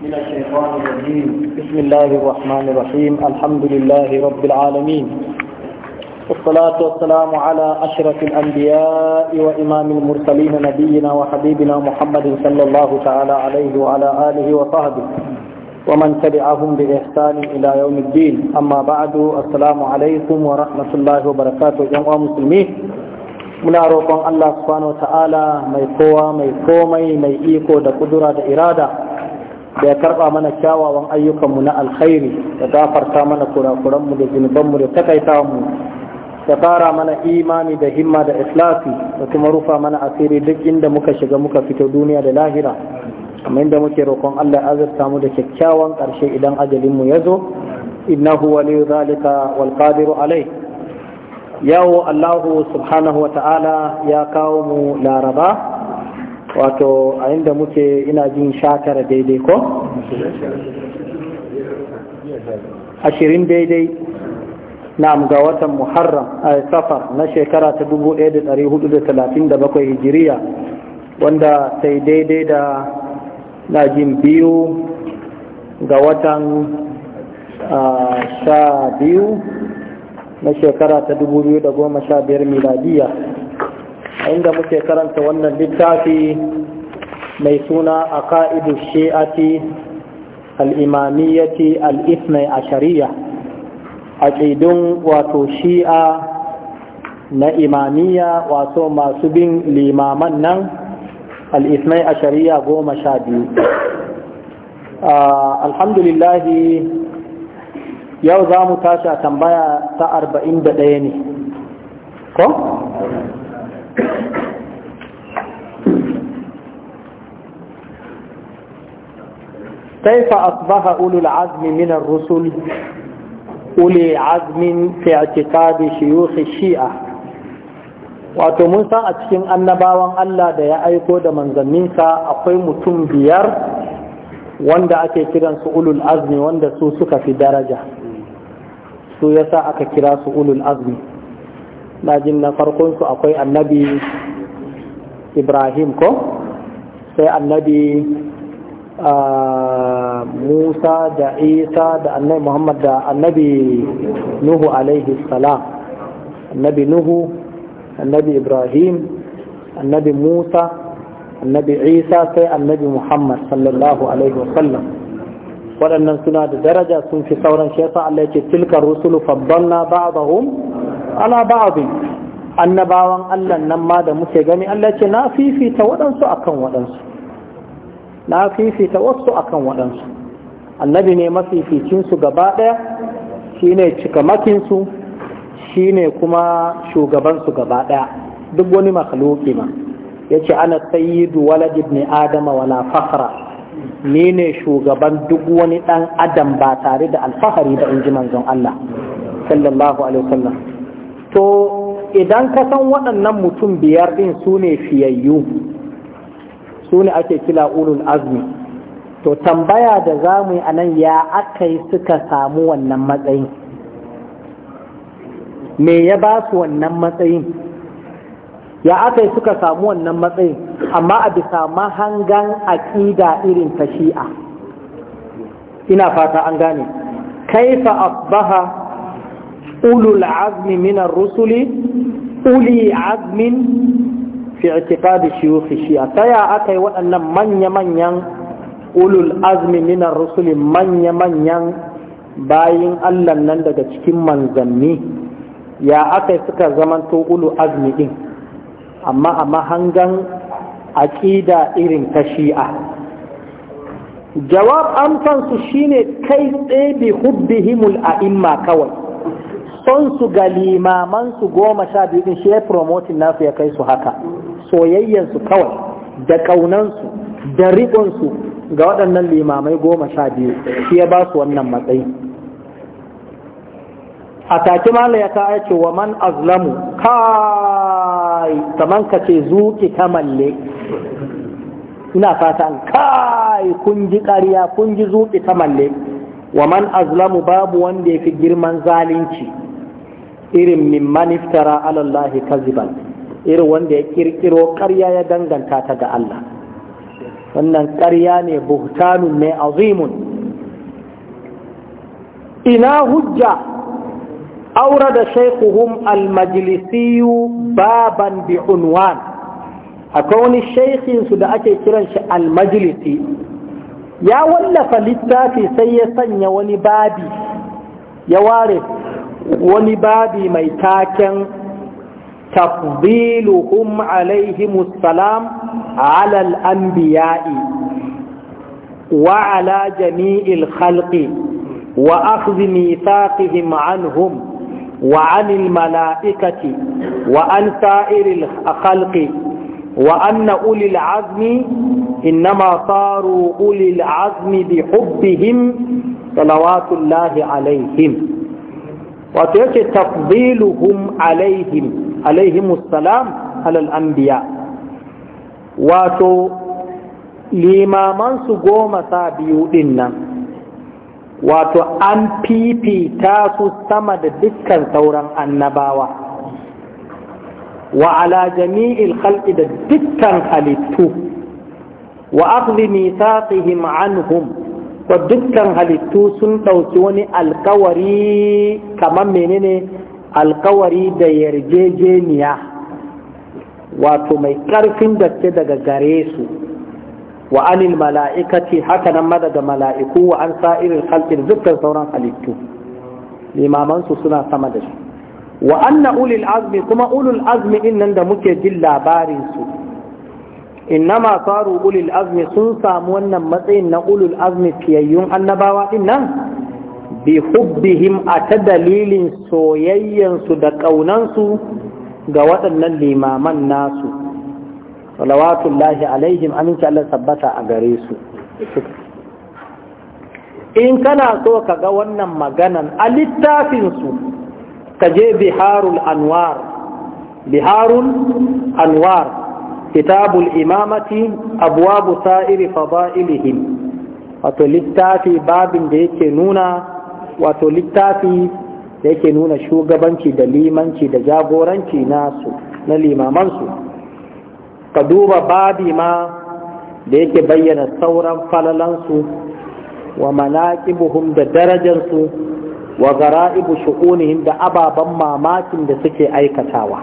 من الشيطان الرجيم بسم الله الرحمن الرحيم الحمد لله رب العالمين والصلاة والسلام على أشرف الأنبياء وإمام المرسلين نبينا وحبيبنا محمد صلى الله تعالى عليه وعلى آله وصحبه ومن تبعهم بإحسان إلى يوم الدين أما بعد السلام عليكم ورحمة الله وبركاته جمع مسلمين muna roƙon Allah subhanahu wa ta'ala mai kowa mai komai mai iko da kudura da irada da ya karba mana kyawawan ayyukanmu na alkhairi da gafarta mana kurakuranmu da zunubanmu da takaita mu da kara mana imani da himma da islafi da kuma rufa mana asiri duk inda muka shiga muka fito duniya da lahira kamar inda muke roƙon Allah azurta mu da kyakkyawan ƙarshe idan ajalin mu ya zo innahu waliyu zalika wal qadiru alai yawo Allah subhanahu wa ta'ala ya kawo mu laraba wato a inda muke ina jin shakara daidai ko? ashirin daidai na'am ga watan muharram a eh, safar na shekara ta 1437 hijiriya wanda sai daidai da na jin biyu ga watan ah, sha biyu na shekara ta 2015 miladiya inda muke karanta wannan littafi mai suna a ka'idu shi'ati al'imamiyyati al'ifnai a shari'a a ƙidun wato shi'a na imamiyya wato masu bin limaman nan al'ifnai a shari'a goma sha biyu alhamdulillahi yau za mu tashi a tambaya ta arba'in da ɗaya ne ko? كيف أصبح أولو العزم من الرسل أولي عزم في اعتقاد شيوخ الشيعة wato mun san a cikin annabawan Allah da ya aiko da manzanninsa akwai mutum biyar wanda ake kiransu ulul azmi wanda su suka fi daraja su yasa aka kira su ulul azmi na jin na farkonsu akwai annabi ibrahim ko sai annabi musa da isa da annabi muhammad da annabi nuhu alaihi salam annabi nuhu annabi ibrahim annabi musa annabi isa sai annabi muhammad sallallahu alaihi wasallam waɗannan suna da daraja sun fi sauran shi yasa Allah yake tilka rusulu faddalna ba'dahum ala ba'dhin annabawan Allah nan ma da muke gani Allah ce na fifita waɗansu akan waɗansu na fifita wasu akan waɗansu annabi ne mafificinsu gaba ɗaya shi ne cikamakinsu shi ne kuma shugabansu gaba ɗaya duk wani makaloki ma ya ce ana sayyidu duwala, ibn adama wala fakhra ni ne shugaban duk wani ɗan adam ba tare da alfahari da inji manzon Allah sallallahu alaihi wasallam to idan ka san waɗannan mutum biyar ɗin su ne fiyayyu su ne ake kila ulul azmi to tambaya da za mu yi a nan ya aka suka samu wannan matsayin me ya ba su wannan matsayin ya akai suka samu wannan matsayin amma a bisa mahangan aƙida irin ta shi'a ina fata an gane kaifa asbaha ulul azmi minar rusuli uli azmin fi i'tiqadi shuyukh shi'a taya akai waɗannan manya-manyan ulul azmi minar rusuli manya-manyan bayin Allah nan daga cikin manzanni ya akai suka zamanto ulu azmi din amma a mahangan aƙida irin ta shi'a jawab fansu shine kai tsaye bi hubbihimul a'imma kawai son su ga limamansu goma sha biyu din shi ya promoting nasu ya kai su haka soyayyan su kawai da ƙaunansu da riƙon ga waɗannan limamai goma sha biyu shi ya ba su wannan matsayi a Taki mala ya ka aice wa man azlamu kai kaman ka ce zuki ta malle ina fata an kai kun ji ƙarya kun ji zuki ta malle wa man azlamu babu wanda ya fi girman zalunci irin mimman iftara alallahi kaziban irin wanda ya kirkiro ƙarya ya danganta ta ga Allah wannan ƙarya ne buhtanun mai azimun ina hujja aura da shaikuhum almajlisiyu baban bi unwan akwai wani shaikhinsu da ake kiran shi almajlisi ya wallafa littafi sai ya sanya wani babi ya ware wani babi mai taken tafziluhum alaihim salam alal anbiya'i wa ala jami'il khalqi wa akhdhi mithaqihim anhum wa anil mala'ikati wa an sa'iril khalqi wa anna ulil azmi innama saru ulil azmi bi hubbihim salawatullahi alaihim wato yake tafdiluhum alaihim alaihim alal anbiya wato limaman su goma sa biyu dinnan. wato an fifita su sama da dukkan sauran annabawa wa ala jami'il khalqi da dukkan halittu wa akhdhi mithaqihim anhum to dukkan halittu sun ɗauki wani alkawari kamar menene alkawari da yarjejeniya wato mai ƙarfin gaske daga gare su wa anil mala'ikati haka nan daga mala'iku wa an sa'irin halkin dukkan sauran halittu limamansu suna sama da shi wa anna ulil azmi kuma ulul azmi nan da muke jin labarinsu innama faru ulul azmi sun samu wannan matsayin na ulul azmi fiyayyun annabawa din nan bi hubbihim a ta dalilin soyayyansu da ƙaunansu ga waɗannan limaman nasu salawatullahi alaihim aminci Allah sabbata a gare su in kana so ka ga wannan maganan a littafinsu ka je biharul anwar biharul anwar kitabul imamati abwabu sa'iri fada'ilihim wato littafi babin da yake nuna shugabanci da limanci da jagoranci na limamansu ka duba babi ma da yake bayyana sauran falalansu wa manaqibuhum da darajarsu wa gara'ibu shu'unihim da ababen mamakin da suke aikatawa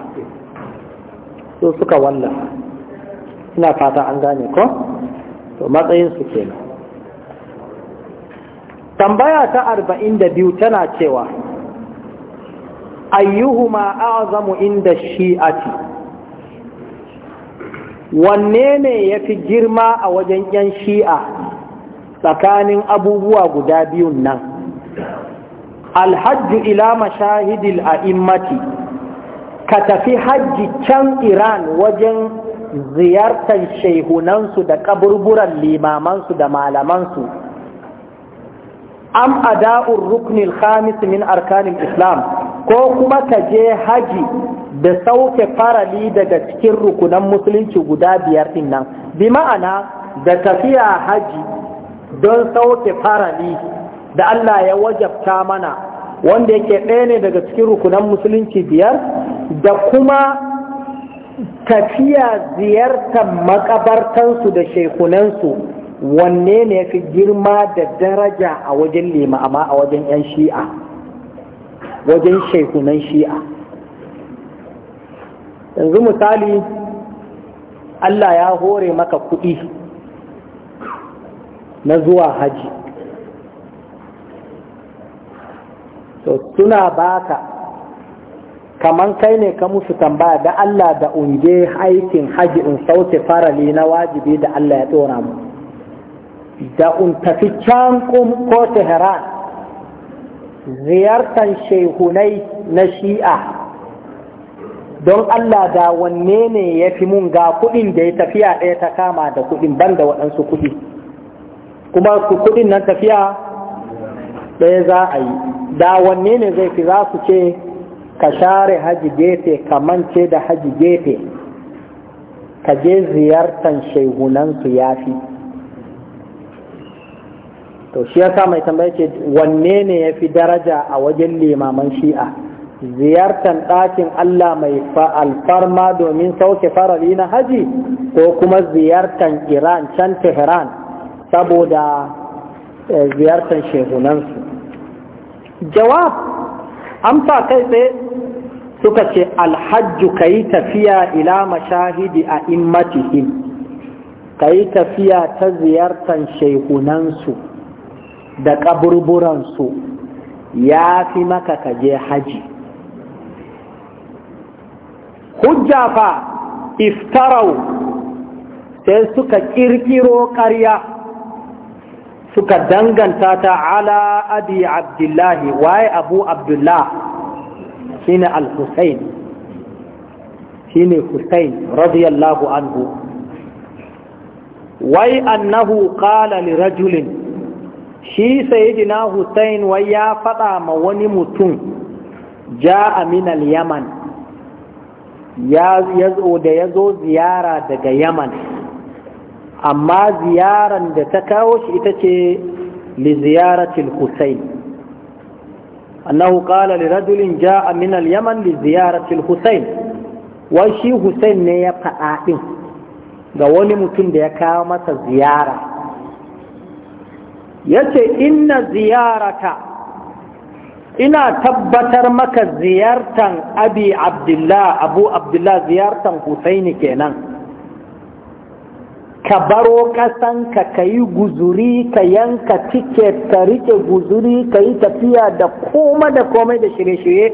so suka wallafa ina fata an gane ko to matsayin su kenan tambaya ta arba'in da biyu tana cewa ayyuhuma a'zamu inda shi'ati wanne ne ya fi girma a wajen yan shi'a tsakanin abubuwa guda biyun nan alhajju ila mashahidil a'immati ka tafi hajji can iran wajen ziyartar shaihunansu da kaburburan limamansu da malamansu am ada'ur ruknil khamis min arkanin islam ko kuma ka je haji da sauke farali daga cikin rukunan musulunci guda biyar din nan bi ma'ana da tafiya haji don sauke farali da Allah ya wajabta mana wanda yake ɗaya ne daga cikin rukunan musulunci biyar da kuma tafiya ziyartar makabartansu da shekunansu wanne ne fi girma da daraja a wajen lema amma a wajen 'yan shi'a wajen shekunan shi'a yanzu misali Allah ya hore maka kuɗi na zuwa haji suna baka kaman kai ne ka musu tambaya da Allah da unge aikin haji in sauke farali na wajibi da Allah ya tsora mu da un tafi can ko Tehran ziyartan shehunai na shi'a don Allah da wanne ne ya fi mun ga kuɗin da ya tafiya ɗaya ta kama da kuɗin ban da waɗansu kuɗi kuma kuɗin nan tafiya ɗaya za a yi da wanne ne zai fi za su ce ka share haji gefe ka mance da haji gefe ka je ziyartan shaihunansu ya fi to shi yasa mai tambaya ce wanne ne ya fi daraja a wajen limaman shi'a ziyartar ɗakin Allah mai alfarma domin sauke farari na haji ko kuma ziyartan Iran can Tehran saboda eh, ziyartan shehunansu jawab amsa kai tsaye suka ce alhajju ka yi tafiya ila mashahidi a immatihim ka yi tafiya ta ziyartar shaihunansu da kaburburansu ya fi maka ka je haji hujja fa iftarau sai suka ƙirƙiro ƙarya suka danganta ta ala abi abdullahi waye abu abdullah shine al-husayn shine husayn radiyallahu anhu wai annahu qala li rajulin shi sayyidina husayn wai ya faɗa ma wani mutum ja'a min al-yaman ya yazo da yazo ziyara daga yaman amma ziyaran da ta kawo shi ita ce li ziyaratil husayn annahu qala li rajulin ja'a min al-yaman li ziyaratil husayn wa shi husayn ne ya faɗa din ga wani mutum da ya kawo masa ziyara yace inna ziyarata ina tabbatar maka ziyartan abi abdullah abu abdullah ziyartan husaini kenan ka baro kasan, ka yi guzuri ka yanka tiket ka rike guzuri ka yi tafiya da koma da komai da shirye-shirye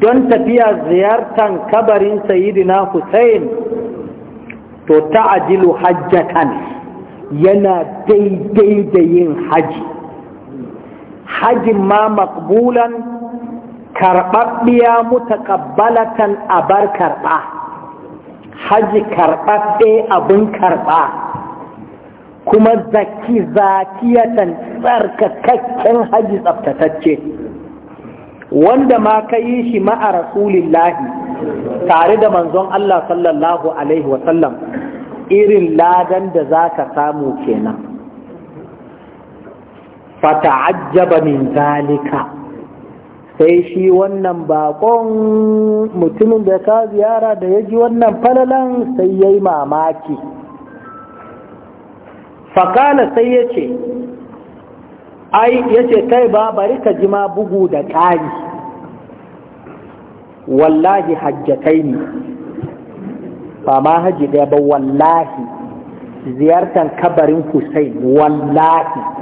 don tafiya ziyartan kabarin sayidina Hussein to ta'ajilu hajjatan yana daidai da yin haji hajin ma makbulan karɓaɓɓiya mutakabbalatan abar karɓa haji karɓaɓɓe abin karɓa kuma zaki zakiyatan tsarkakakken haji tsaftatacce wanda ma ka yi shi ma'a rasulillahi tare da manzon Allah sallallahu Alaihi wasallam irin ladan da za ka samu kenan fata'ajjaba min zalika sai shi wannan bakon mutumin da ka ziyara da ya ji wannan falalan sai ya yi mamaki fakala sai ya ce ai ya ce kai ba bari ka ji ma bugu da ƙari wallahi kai ne ba ma hajji ɗaya ba wallahi ziyartar kabarin Hussein wallahi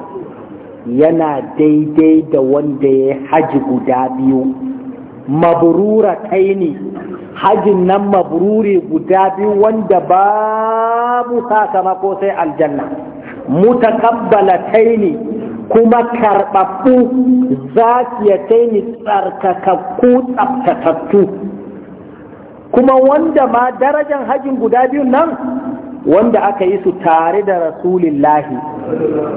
yana daidai da wanda ya haji guda biyu maburura taini hajin nan mabruri guda biyu wanda babu sakamako sai aljanna mutakabbala taini kuma karɓaɓɓu zakiyataini tsarkakakku tsaftatattu kuma wanda ma darajan hajin guda biyu nan wanda aka yi su tare da rasulillahi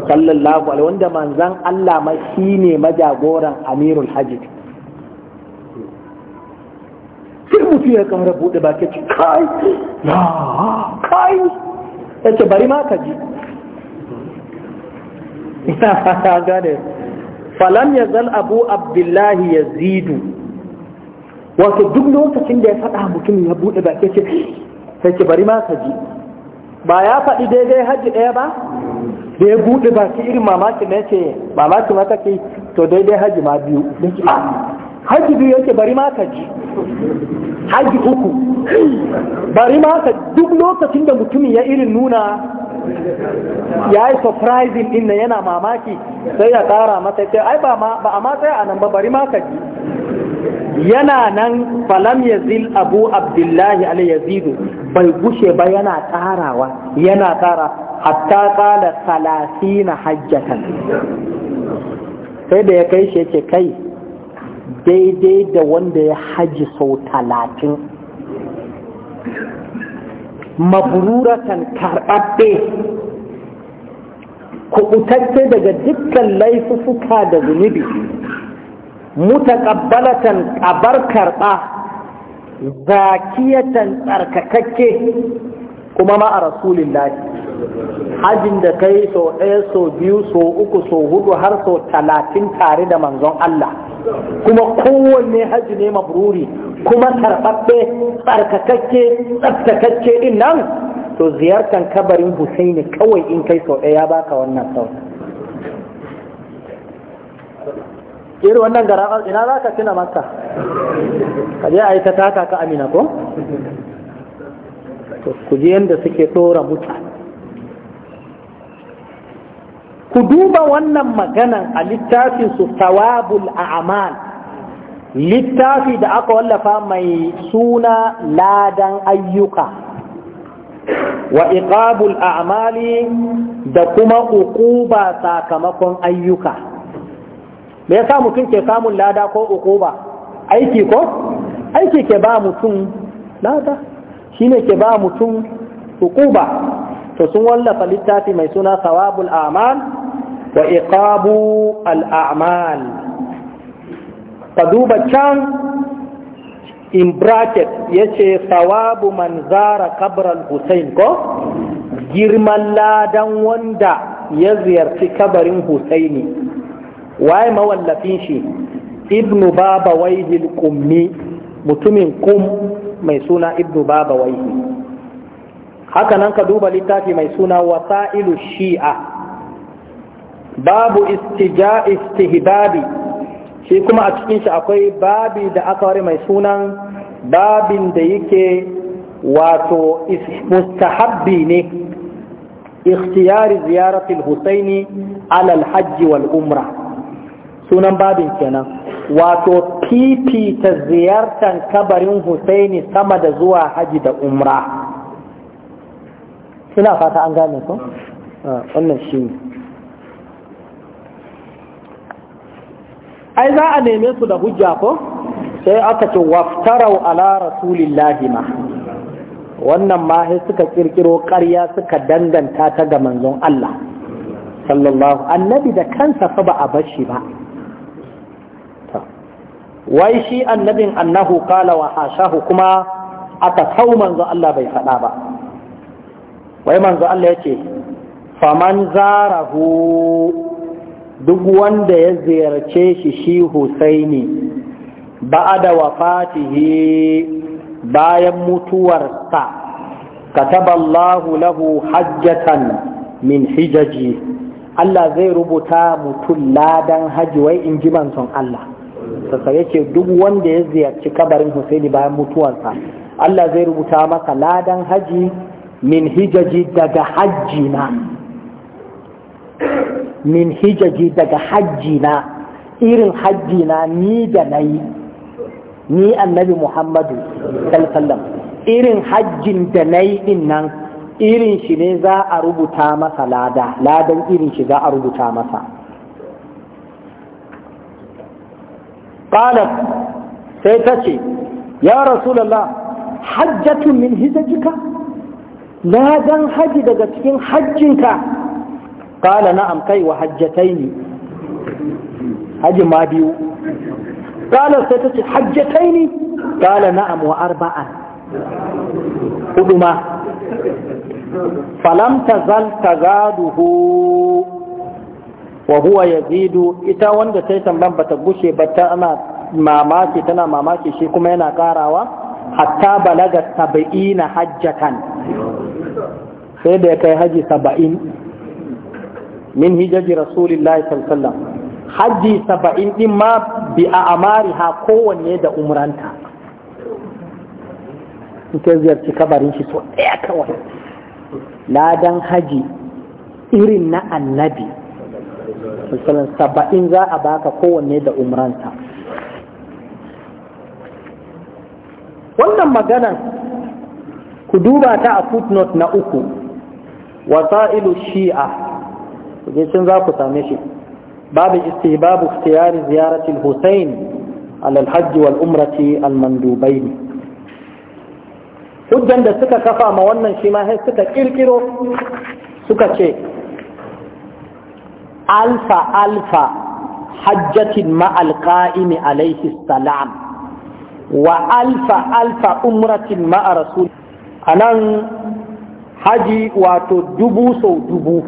sallallahu alaihi wanda manzan Allah ma shi ne majagoran amirul hajji sai mutum ya kara bude baki ci, kai ya kai ya ce bari ma ka ji ina gane falam ya zal abu abdullahi ya zidu wato duk lokacin da ya faɗa mutum ya bude baki ce sai ce bari ma ka ji ba ya faɗi daidai hajji ɗaya ba da ya buɗe baki irin mamaki na ce mamaki mata ke to daidai hajji ma biyu ah, hajji biyu yake bari maka ji hajji uku bari maka duk lokacin da mutumin ya irin nuna ya yi surprising din na yana mamaki sai ya ƙara mata ce ai ba a ma tsaya a nan ba bari maka ji yana nan falam yazil abu abdullahi al yazidu bai gushe ba yana tsarawa yana tsara hatta kala salasina hajjatan sai da ya kai shi yake kai daidai da wanda ya haji sau talatin mabururatan karɓaɓɓe kuɓutacce daga dukkan laifuka da zunubi mutaqabbalatan abar karɓa zakiyatan tsarkakakke kuma ma a hajin da kai sau ɗaya sau biyu sau uku sau hudu har sau talatin tare da manzon Allah kuma kowanne haji ne mabruri kuma karɓaɓɓe tsarkakakke tsabtakakke din nan to ziyartar kabarin Husaini kawai in kai sau ɗaya ya baka wannan sauran irin wannan gara ina za ka tuna makka ka je ta taka ka amina ko ku yadda suke ɗora mutane ku duba wannan maganan a littafin su tawabul a'mal littafi da aka wallafa mai suna ladan ayyuka wa iqabul a'mali da kuma uquba sakamakon ayyuka me yasa mutum ke samun lada ko ukuba aiki ko aiki ke ba mutum lada shine ke ba mutum ukuba to sun wallafa littafi mai suna sawabul a'mal wa iqabu al a'mal ka duba can in bracket yace sawabu man zara kabral Hussein ko girman ladan wanda ya ziyarci kabarin Husaini waye mawallafin shi ibnu baba waihil kummi mutumin kum mai suna ibnu baba waihi haka nan ka duba littafi mai suna wasa'ilu shi'a babu istija shi kuma a cikin shi akwai babi da aka ware mai sunan babin da yake wato mustahabbi ne ikhtiyari ziyaratul husaini alal hajji wal umra sunan babin kenan wato fifita ziyartar kabarin husaini sama da zuwa haji da umra Suna fata an gane ko ah, wannan shi ne ai za a neme su da hujja ko sai aka ce waftarau ala rasulillahi ma wannan ma sai suka kirkiro ƙarya suka danganta ta ga manzon Allah sallallahu annabi da kansa fa ba a bashi ba wai shi annabin annahu qala wa hashahu kuma aka kau manzo Allah bai faɗa ba wai manzo Allah yace faman zarahu duk wanda ya ziyarce shi shi Husaini da wafatihi bayan mutuwarsa kataballahu lahu hajjatan min hijaji Allah zai rubuta mutum ladan haji wai in ji manzon Allah sassa yake duk wanda ya ziyarci kabarin Husaini bayan mutuwansa Allah zai rubuta masa ladan haji min hijaji daga hajjina min hijaji daga hajjina irin hajjina ni da nayi ni annabi Muhammadu sallallahu irin hajjin da nayi din nan irin shi ne za a rubuta masa lada ladan irin shi za a rubuta masa qalat sai ta ce ya rasulullah hajjatun min hijajika na gan haji daga cikin hajjinka qala na'am kai wa hajjataini haji ma biyu qala sai ta ce hajjataini qala na'am wa hudu ma falam wa huwa yazidu ita wanda sai tamban bata gushe ba tana mamaki tana mamaki shi kuma yana karawa hatta balaga saba'ina hajjatan sai da ya kai haji saba'in min hijaji rasulullahi sallallahu haji saba'in din ma bi a amari ha kowanne da umranta ita ziyarci kabarin shi so ɗaya kawai ladan haji irin na annabi sallan saba'in za a baka kowanne da umranta wannan magana ku duba ta a footnote na uku wasa'ilu shi'a sun za ku same shi babu istihbabu ikhtiyari ziyaratil Hussain على الحج والأمرة المندوبين hujjan da suka kafa ma wannan shima ma sai suka kirkiro suka ce alfa alfa hajjatin ma'al qa'imi alaihi salam wa alfa alfa umratin ma'a rasul nan haji wato dubu sau dubu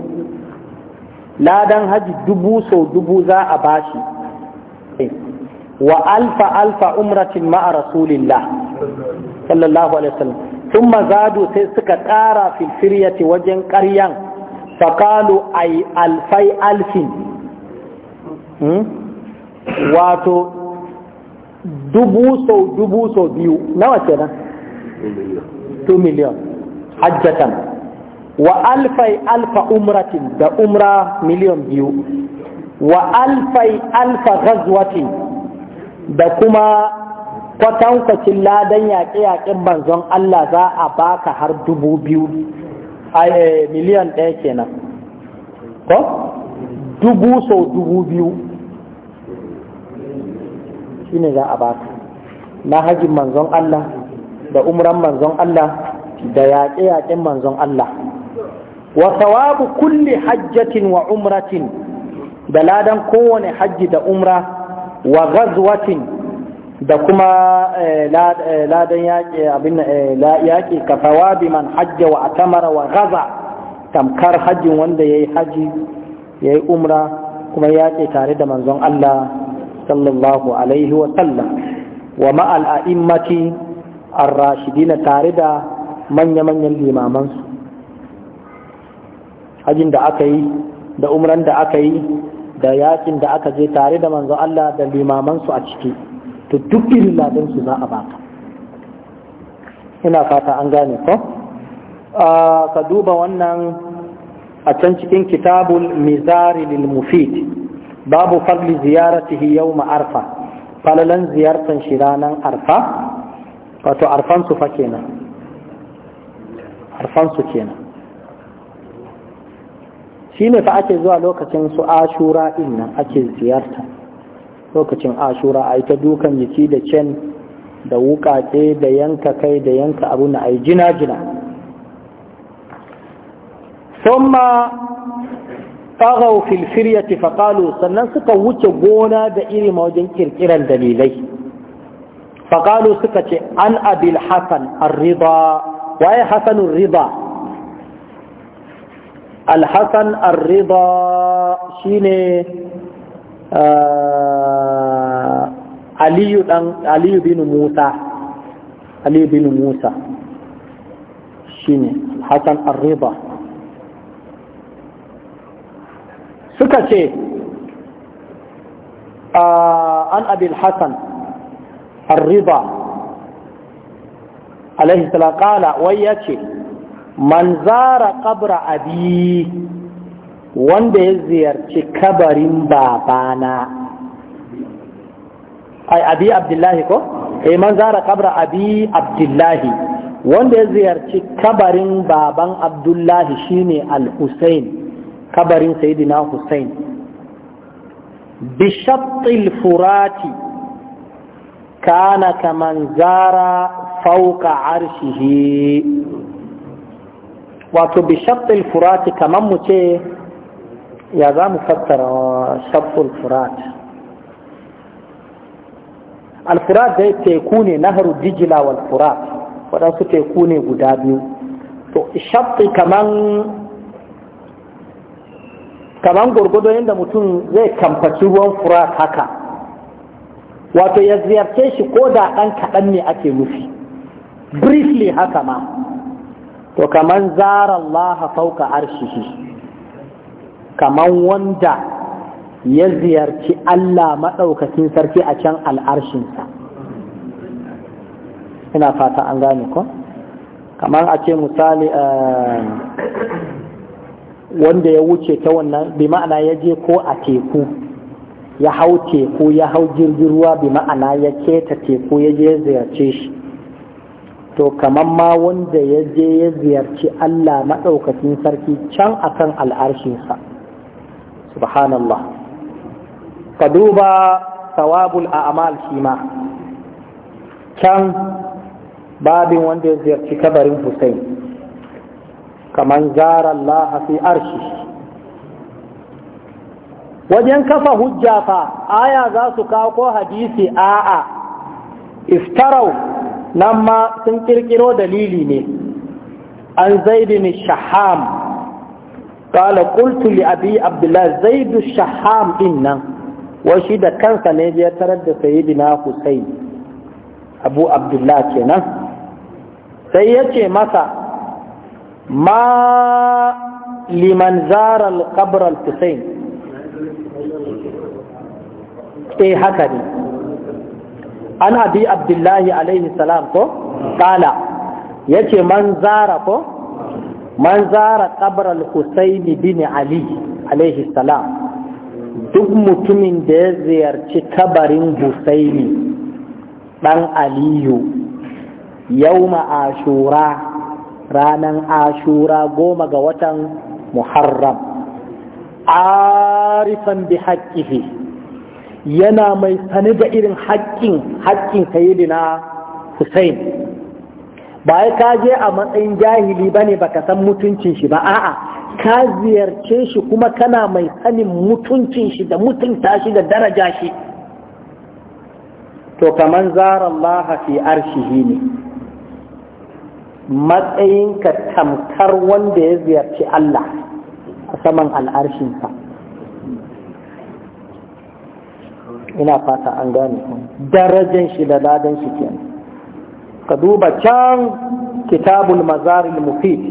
ladan haji dubu sau dubu za a bashi wa alfa alfa umratin ma'a rasulillah sallallahu alaihi wasallam thumma zadu sai suka ƙara fil firyati wajen ƙaryan faƙalu ai alfai alfin hmm? wato dubu sau dubu sau biyu nawa nan? 2 miliyan hajjatan wa alfai alfa umratin da umra miliyan biyu wa alfai alfa gazwatin da kuma kwatankwacin ladan yaƙe-yaƙen banzon Allah za a baka har dubu biyu Eh, miliyan ɗaya kenan ko dubu sau dubu biyu shi ne za a baka na hajjin manzon Allah da umran manzon Allah da yaƙe-yaƙen manzon Allah wa sawabu kulli hajjatin wa umratin da ladan kowane hajji da umra wa gazwatin. da kuma eh, eh, ladan yaƙi abin eh, yaƙi ka sawabi man hajja wa atamara wa gaza tamkar hajjin wanda ya yi haji ya yi umra kuma yaƙi tare da manzon Allah sallallahu alaihi wa sallam wa ma'al a'immati ar-rashidina tare da manya-manyan limamansu hajin da aka yi da umran da aka yi da yaƙin da aka je tare da manzon Allah da limamansu a ciki to duk irin ladan su za a baka ina fata an gane ko ka duba wannan a can cikin kitabul mizari lil mufid babu fadli ziyaratihi yawma arfa falalan ziyartan shi ranan arfa wato arfan fa kenan arfan su kenan shine fa ake zuwa lokacin su ashura din nan ake ziyarta lokacin ashura a ta dukan jiki da can da wukace da yanka kai da yanka abu na ai jina-jina thumma tagaw fil firyati faqalu sannan suka wuce gona da iri wajen kirkiran dalilai faqalu suka ce an abil hasan ar-rida waye hasanur rida al-hasan ar-rida shine aliyu dan aliyu bin musa aliyu bin musa shine hasan arriba suka ce an abil Hassan arriba alaihi salam kala wai ya ce man zara kabra abi wanda ya ziyarci kabarin babana ai abi abdullahi ko eh man zara kabra abi abdullahi wanda ya ziyarci kabarin baban abdullahi shine al-husain kabarin sayyidina husain bishattil furati kana kaman zara fauka arshihi wato bishattil furati kaman mu ce ya za mu fassara shabbul furat al-furat dai teku ne nahru dijila wal furat waɗansu teku ne guda biyu to shabbi kaman kaman gurgudo yadda mutum zai kamfaci ruwan furat haka wato ya ziyarce shi ko da ɗan kaɗan ne ake nufi briefly haka ma to kaman zara Allah fauka arshihi kaman wanda ya ziyarci Allah maɗaukakin sarki a can al'arshinsa ina fata an gane ko kamar a ce misali eh, wanda ya wuce ta wannan bi ma'ana ya je ko a teku ya hau teku ya hau jirgin ruwa bi ma'ana ya keta teku ya je ziyarce shi to kamar ma wanda ya je ya ziyarci Allah maɗaukacin sarki can akan al'arshinsa subhanallah ka duba sawabul a'mal shi ma can babin wanda ya ziyarci kabarin Hussein kaman zara Allah fi arshi wajen kafa hujja fa aya za su kawo ko hadisi a'a iftarau nan ma sun kirkiro dalili ne an zaidin shaham qala qultu li abi abdullah zaid shaham dinnan wai shi da kansa ne ya tarar da sayyidina husayn abu abdullah kenan sai ya masa ma liman zara al haka ne an abi abdullahi alaihi salam ko kala yace man zara ko man zara qabral husaini bin ali alaihi salam duk mutumin da ya ziyarci kabarin husaini dan aliyu yauma ashura ranan ashura goma ga watan muharram arifan bi haqqihi yana mai sani da irin haƙƙin haƙƙin sayyidina ba ya ka je a matsayin jahili ba ne baka san mutuncin shi ba a'a ka ziyarce shi kuma kana mai sanin mutuncin shi da mutunta shi da daraja shi to kaman zara Allah fi arshihi ne matsayin ka tamkar wanda ya ziyarci Allah a saman al'arshinsa ina fata an gane darajan shi da ladan shi kenan ka duba can kitabul mazaril mufid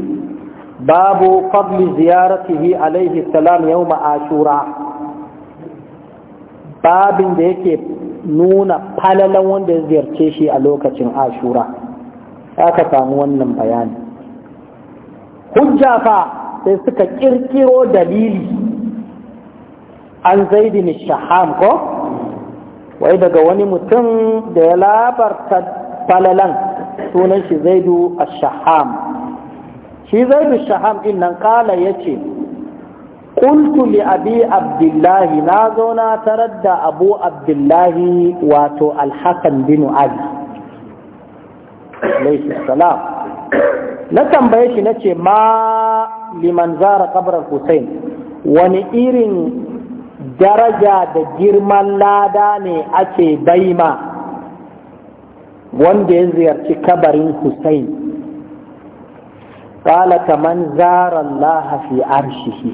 babu fadli ziyaratihi alaihi salam yau ashura babin da yake nuna falalan wanda ya ziyarce shi a lokacin ashura aka samu wannan bayani hujja fa sai suka kirkiro dalili an zaidin shaham ko wai daga wani mutum da ya labarta falalan sunan shi zaidu shaham shi zaidu shaham din nan kala yace qultu li abi abdullahi na zo na tarar da abu abdullahi wato al bin ali alayhi salam na tambaye shi nace ma liman zara qabrar husain wani irin daraja da girman lada ne ake baima wanda ya ziyarci kabarin Hussein ƙala kaman zaran lahafi arshihi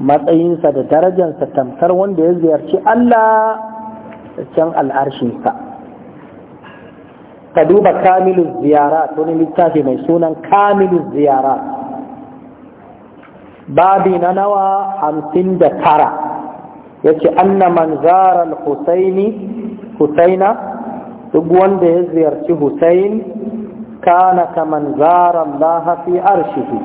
matsayinsa da darajansa tamtar wanda ya ziyarci Allah can al'arshinsa ka duba kamilu ziyara wani littafi mai sunan kamilu ziyara babi na nawa hamsin da tara ya ce anna man husaini husaina duk wanda ya ziyarci Hussein kana kaman zaran laha fi arshihi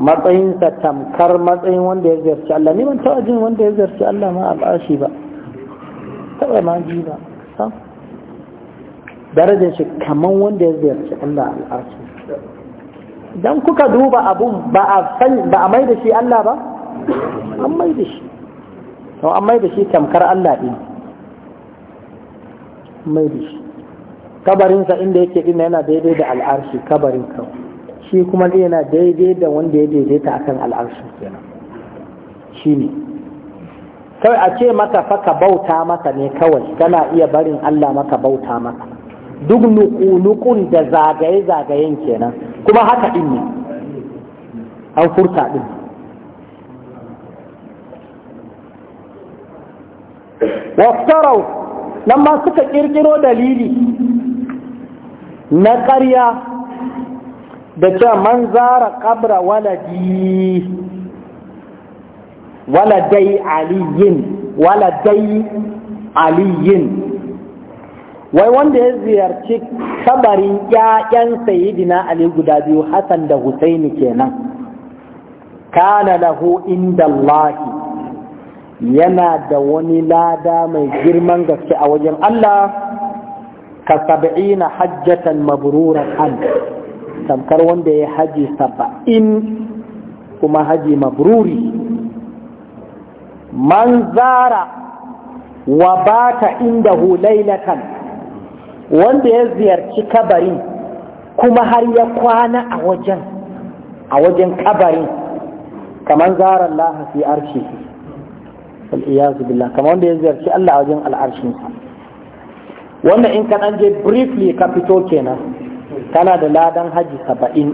matsayinsa tamkar matsayin wanda ya ziyarci Allah ni ban taɓa jin wanda ya ziyarci Allah ma al'ashi ba taɓa ma ji ba sam darajar shi kaman wanda ya ziyarci Allah al'ashi dan kuka duba abun ba a san ba a mai da shi Allah ba an mai da shi to an mai da shi tamkar Allah din mai da shi kabarinsa inda yake dina yana daidai da al'arshi kabarin kawo shi kuma yana daidai da wanda ya daidaita akan al'arshi kenan shi ne kawai a ce maka fa ka bauta maka ne kawai kana iya barin Allah maka bauta maka duk nuku-nukun da zagaye-zagayen kenan kuma haka din ne an furta din waftarau nan ma suka kirkiro dalili na ƙarya da ce man zara ƙabra wala waladai aliyin waladai aliyin wai wanda ya ziyarci kabarin ƴaƴan sayidina ali guda biyu hassan da Hussaini kenan kana lahu inda allahi yana da wani lada mai girman gaske a wajen Allah ka saba'ina hajjatan mabururan an tamkar wanda ya haji saba'in kuma haji mabururi. man zara wa bata inda lailatan wanda ya ziyarci kabarin kuma har ya kwana a wajen a wajen kabarin kamar zara Allah fi arshi wal billah kamar wanda ya ziyarci Allah a wajen al'arshin sa wannan in ka je briefly ka fito kenan kana da ladan haji saba'in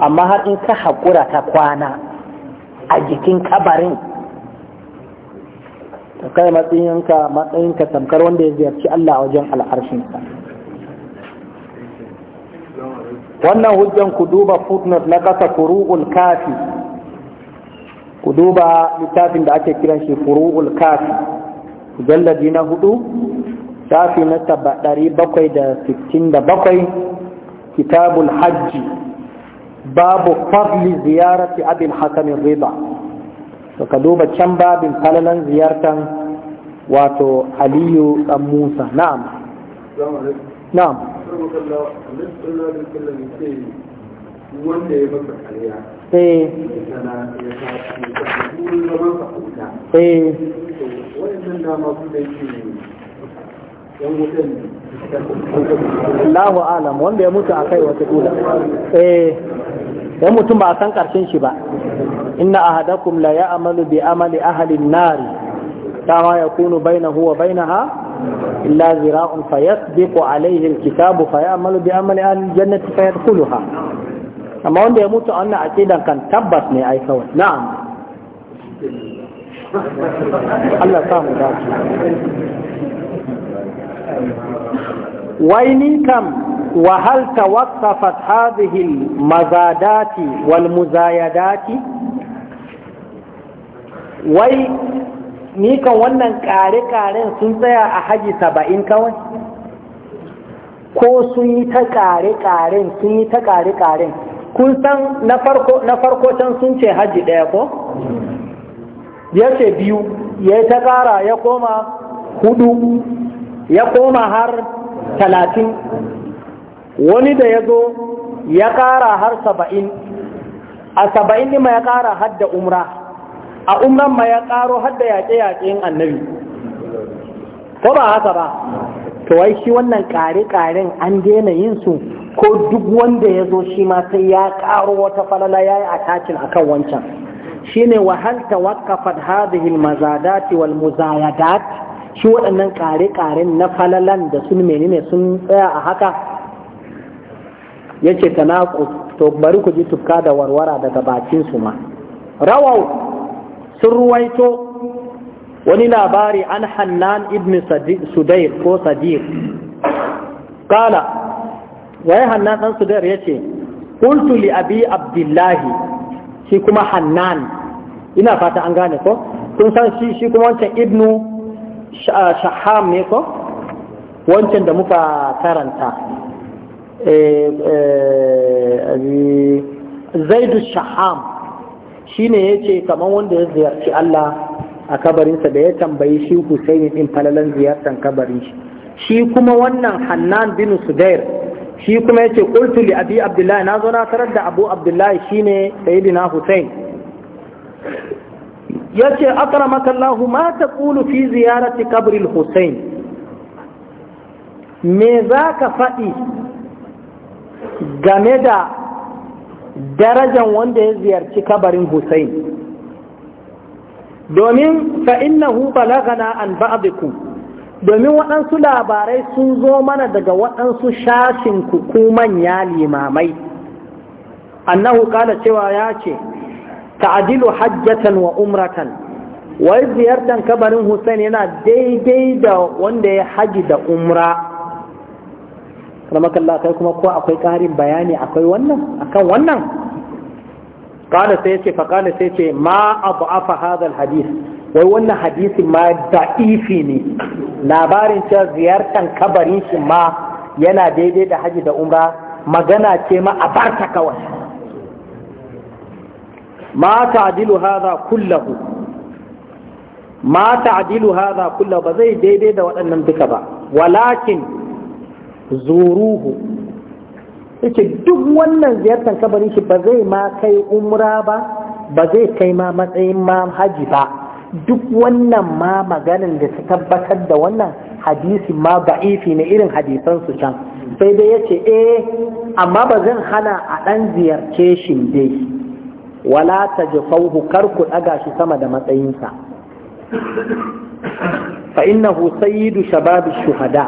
amma har in ka haƙura ta kwana a jikin kabarin ta kai matsayinka matsayinka tamkar wanda ya ziyarci Allah a wajen al'arshinsa wannan hujjan ku duba footnote na ƙasa kuru'ul kafi ku duba littafin da ake kiran shi furu'ul kafi jalladi na hudu shafi na taba ɗari bakwai da sittin da bakwai kitabul hajji babu fadli ziyarati abin hasamin riba to ka duba can babin falalan ziyartan wato aliyu dan musa na'am na'am wanda ya Eh. Eh. Allahu alam wanda ya mutu kai wata kula eh ya mutum ba a san ƙarshen shi ba inna ahadakum la amalu bi amali ahalin ya an bai na huwa bai na ha. illa zira'un fayasbiqu alayhi al-kitabu amalu bi amali Jannati al kulu ha. amma wanda ya mutu wannan aqidan kan tabbas ne ai kawai na'am Allah samu dace wai ni kam wa hal tawaqqafat hadhihi al mazadati wal muzayadati wai ni kan wannan kare-karen sun tsaya a haji saba'in kawai ko sun yi ta kare-karen sun yi ta kare-karen kun san na farko can sun ce haji ɗaya ko ya ce biyu ya ta ƙara ya koma hudu ya koma har talatin wani da ya zo ya ƙara har saba'in a saba'in ne ma ya ƙara hadda umra a umran ma ya ƙaro hadda yaƙe-yaƙen annabi ko ba haka ba to wai shi wannan ƙare-ƙaren an daina yin su ko duk wanda ya zo shi ma sai ya ƙaro wata falala ya yi attachin a kan wancan shi ne wahal tawakkafat hadhihi almazadati wal muzayadat shi waɗannan ƙare-ƙaren na falalan da sun menene sun tsaya a haka yace tanaqus to bari ku ji tufka da warwara daga bakin su ma rawau sun ruwaito wani labari an hannan ibn sudair ko sadiq kala wai hannan ɗan sudar ya ce qultu li abi abdullahi shi kuma hannan ina fata an gane ko kun san shi shi kuma wancan ibnu shaham ne ko wancan da muka karanta eh, eh, zaidu shaham shi ne ya ce kamar wanda ya ziyarci Allah a kabarinsa da ya tambayi shi Husaini din falalan ziyartar kabarin shi shi kuma wannan Hannan bin Sudair shi kuma yace qultu li abi abdullahi na zo na tarar da abu abdullahi shine sayyidina husain yace akramaka allah ma taqulu fi ziyarati qabri al-husain me za ka faɗi game da darajan wanda ya ziyarci kabarin husain domin fa innahu balagana an ba'dikum domin waɗansu labarai sun zo mana daga waɗansu shashin hukuman ya limamai annahu kala cewa ya ce ta'adilu hajjatan wa umratan wai ziyartar kabarin Hussein yana daidai da wanda ya haji da umra ramakallah kai kuma ko akwai ƙarin bayani akwai wannan akan wannan kala sai ce fa kala sai ce ma abu afa hadal hadith wai wannan hadisin ma da'ifi ne labarin cewa ziyartar kabarin shi ma yana daidai da haji da umra magana ce ma a barta kawai ma ta'dilu hadha kullahu ma ta'dilu hadha kullahu ba zai daidai da waɗannan duka ba walakin zuruhu yake duk wannan ziyartar kabarin shi ba zai ma kai umra ba ba zai kai ma matsayin ma haji ba duk wannan ma maganin da su tabbatar da wannan hadisi ma ba'ifi ne irin hadisan su can sai dai ya ce eh amma ba zan hana a ɗan ziyarce shi dai wala ta ji kar ku ɗaga shi sama da matsayinsa fa innahu sayyidu shababi shuhada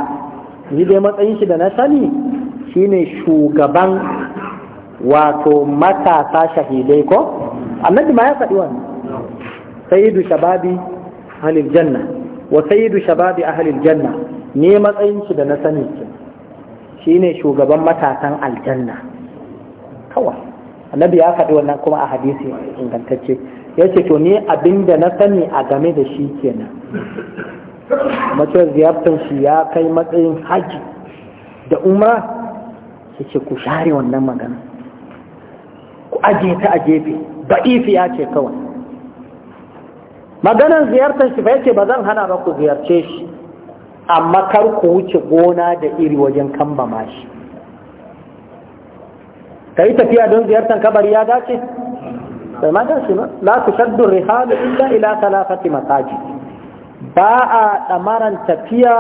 yi dai matsayin shi da na sani shine shugaban wato matasa shahidai ko annabi ma ya faɗi wannan sayyidu shababi ahlil janna wa sayyidu shababi ahlil janna ne matsayin shi da na sani shi shine shugaban matasan aljanna kawai annabi ya faɗi wannan kuma a hadisi ingantacce yace to ne abinda na sani a game da shi kenan mace ziyartar shi ya kai matsayin haji da umra yace ku share wannan magana ku aje ta a gefe ba'ifi ya ce kawai maganan ziyartar shi fa yake ba zan hana ba ku ziyarce shi amma kar ku wuce gona da iri wajen ma shi ka yi tafiya don ziyartar kabari ya dace bai ma dace ba la ta shaddu rihalu illa ila thalathati masajid ba a damaran tafiya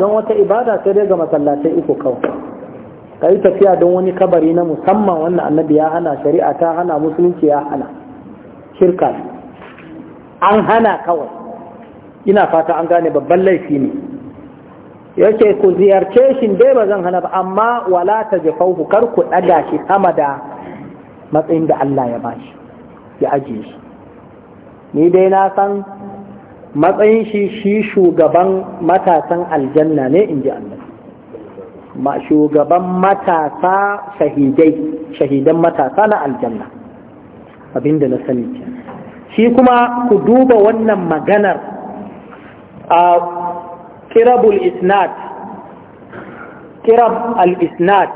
don wata ibada sai dai ga masallatai uku kawai ka yi tafiya don wani kabari na musamman wannan annabi ya hana shari'a ta hana musulunci ya hana shirka an hana kawai ina fata an gane babban laifi ne yake ku ziyarce shi dai ba zan hana ba amma wala ta jafauhu kar ku ɗaga shi sama da matsayin da Allah ya bashi ya ajiye shi ni dai na san matsayin shi shi shugaban matasan aljanna ne in ji Allah ma shugaban matasa shahidai shahidan matasa na aljanna abinda na sani ke shi kuma ku duba wannan maganar a kirabul Isnat, kirab al isnat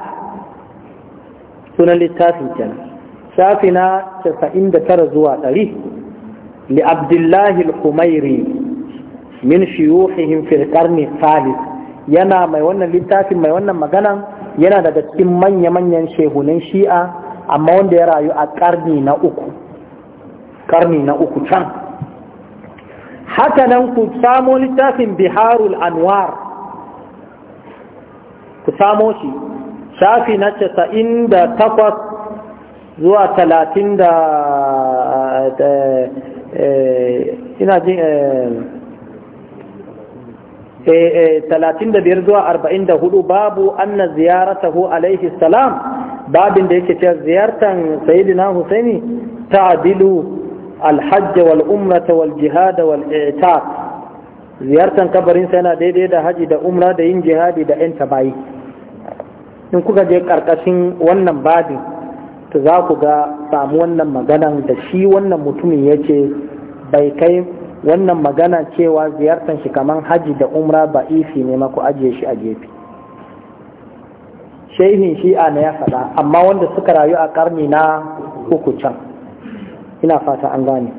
sunan littafin kenan shafi na 99 zuwa 100 li abdullahi al-humairi min shiyuhihim fil qarni thalith yana mai wannan littafin mai wannan maganan yana daga cikin manya-manyan shehunan shi'a amma wanda ya rayu a karni na uku karni na uku can haka nan ku samo littafin biharul anwar ku samo shi shafi na casa'in da takwas zuwa talatin da eh, ina jin eh, eh, talatin da biyar zuwa arba'in da hudu babu anna hu alaihi salam babin da yake cewa ziyartan sayyidina husaini adilu الحج والأمة والجهاد والإعتاق ziyartar kabarinsa yana daidai da haji da umra da yin jihadi da 'yan tabayi in kuka je karkashin wannan badin, to za ku ga samu wannan maganan da shi wannan mutumin ya ce bai kai wannan magana cewa ziyartar shi kamar haji da umra ba ifi ne ajiye shi a gefe shehin shi'a na ya faɗa amma wanda suka rayu a karni na uku can ina fata an gane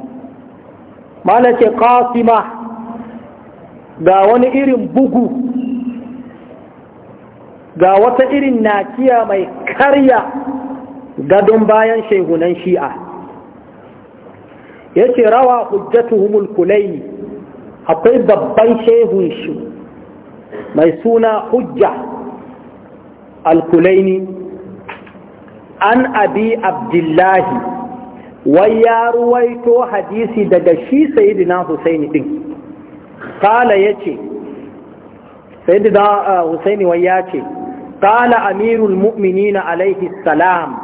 mala ce kasima ga wani irin bugu ga wata irin nakiya mai karya gadon bayan shehunan shi'a ya ce rawa hujjatuhumul kulai akwai babban shehun shi mai suna hujja alkulaini an abi abdullahi wai ya ruwaito hadisi daga shi sayyidina husaini din kala ya ce sayyidina uh, husaini wai ya ce kala amirul mu'minina alaihi salam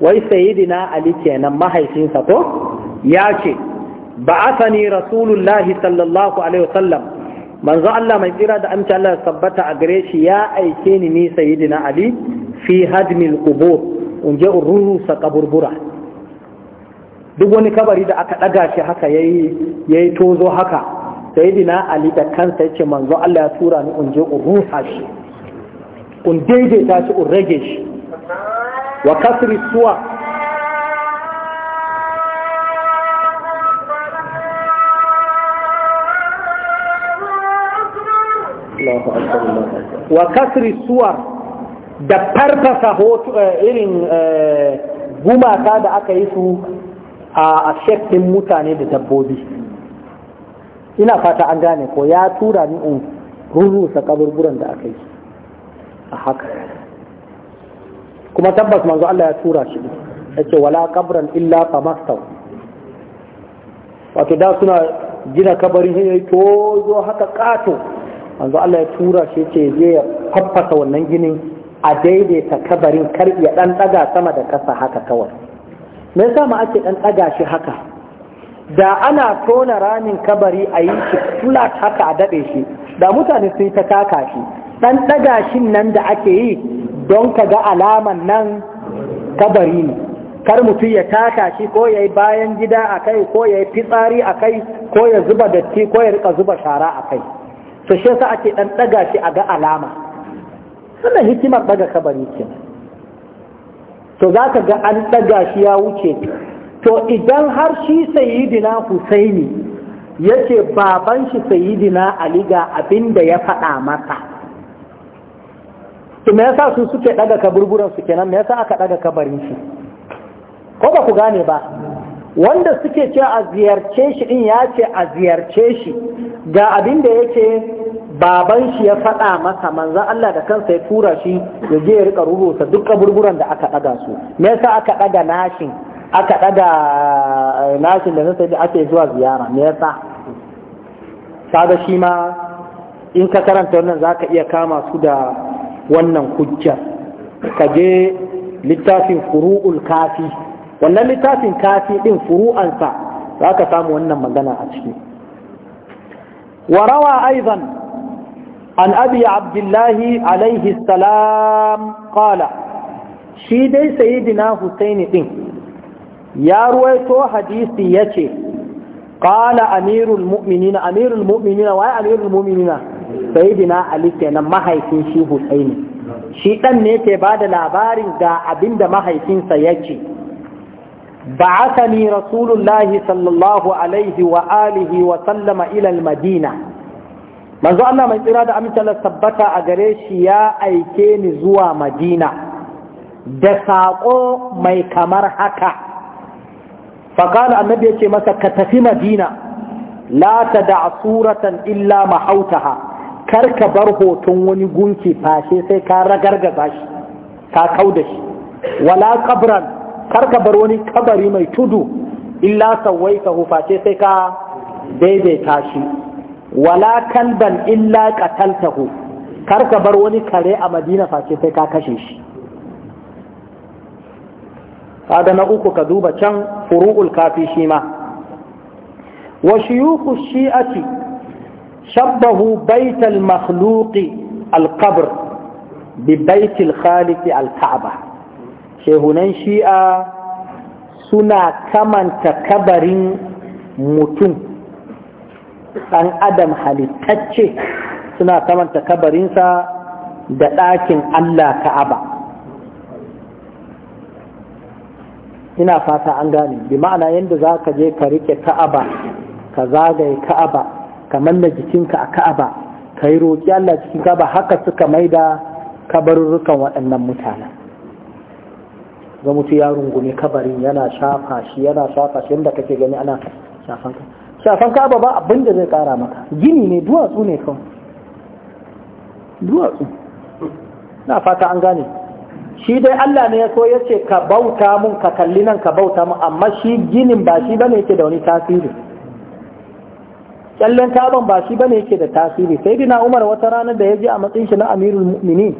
wai sayyidina ali kenan mahaifinsa ko ya ce ba'athani rasulullahi sallallahu alaihi wasallam manzo Allah mai tsira da amince Allah tabbata a gare shi ya aike ni ni sayyidina ali fi hadmil qubur unje urusa kaburbura duk wani kabari da aka ɗaga shi haka ya yi tozo haka sai dina ali da kansa ya ce manzo Allah ya tura ni unje je ruha shi in daidaita shi un rage shi wa kasri suwa wa kasri suwar da farfasa eh, irin eh, gumaka da aka yi su a shekin mutane da dabbobi ina fata an gane ko ya tura ni in rurrusa kaburburan da aka yi a haka kuma tabbas manzo Allah ya tura shi ce wala kabran illa mastaw wato da suna gina kabari ya yi to zo haka kato manzo Allah ya tura shi yace je ya faffasa wannan ginin a daidaita kabarin kar ya dan daga sama da kasa haka kawai me yasa ma ake dan ɗaga shi haka da ana tona ramin kabari a yi shi flat haka a daɗe shi da mutane sun ta taka shi dan ɗaga shi nan da ake yi don ka ga alaman nan kabari ne kar mutum ya taka shi ko ya yi bayan gida a kai ko ya yi fitsari a kai ko ya zuba datti ko ya rika zuba shara a kai to shi yasa ake dan ɗaga shi a ga alama sannan hikimar daga kabari kenan to za ka ga an ɗaga shi ya wuce to idan har shi sayidina husaini ya ce baban shi sayidina ali ga abin da ya faɗa masa to me yasa su suke ɗaga kaburburan su kenan me yasa aka ɗaga kabarin shi ko ba ku gane ba wanda suke ce a ziyarce shi in ya ce a ziyarce shi ga abin da yake baban shi ya faɗa masa manzan Allah da kansa ya tura shi ya je ya rika rubuta duk kaburburan da aka ɗaga su me yasa aka ɗaga nashin aka ɗaga eh, nashin da nasa da ake zuwa ziyara me yasa sada shi ma in ka karanta wannan zaka iya kama su da wannan kujjar, ka je littafin furu'ul kafi wannan littafin kafi din furu'ansa za ka samu wannan magana a ciki warawa aizan an abi abdullahi alaihi salam kala shi dai sayidina husaini din ya ruwaito hadisi ya ce kala amirul mu'minina amirul mu'minina waye amirul mu'minina sayidina ali kenan mahaifin shi husaini shi ɗan ne ke ba da labarin ga abinda mahaifinsa ya ce بعثني رسول الله صلى الله عليه وآله وسلم إلى المدينة manzo Allah mai tsira da amincin tabbata a gare shi ya aike ni zuwa Madina da saƙo mai kamar haka faƙala annabi yace masa ka tafi Madina Lata ta da suratan illa mahautaha kar ka bar hoton wani gunki fashe sai ka ragargaza shi ka kau da shi wala kabran kar ka bar wani kabari mai tudu illa sawaita face sai ka daidaita shi wala kalban illa qataltahu kar ka bar wani kare a madina face sai ka kashe shi kada na uku ka duba can furu'ul kafi shi ma wa shuyukhu shi'ati shabbahu baital makhluqi al-qabr bi baitil khaliqi al-ka'bah shehunan shi'a suna kamanta kabarin mutum ɗan adam halittacce suna kamanta kabarinsa da ɗakin Allah ka'aba ina fata an gane bi ma'ana yadda za ka je ka rike ka'aba ka zagaye ka'aba ka manna jikinka a ka'aba ka yi roƙi Allah cikin ka'aba haka suka maida kabarurrukan waɗannan mutanen ga mutu ya rungume kabarin yana shafa shi yana shafa shi yadda kake gani ana shafan ka shafan ka ba abin da zai kara maka gini ne duwatsu ne kan duwatsu na fata an gane shi dai Allah ne ya so ya ce ka bauta mun ka kalli nan ka bauta mun amma shi ginin ba shi bane yake da wani tasiri kyallen kaban ba shi bane yake da tasiri sai dina Umar wata ranar da ya ji a matsayin shi na Amirul Mu'minin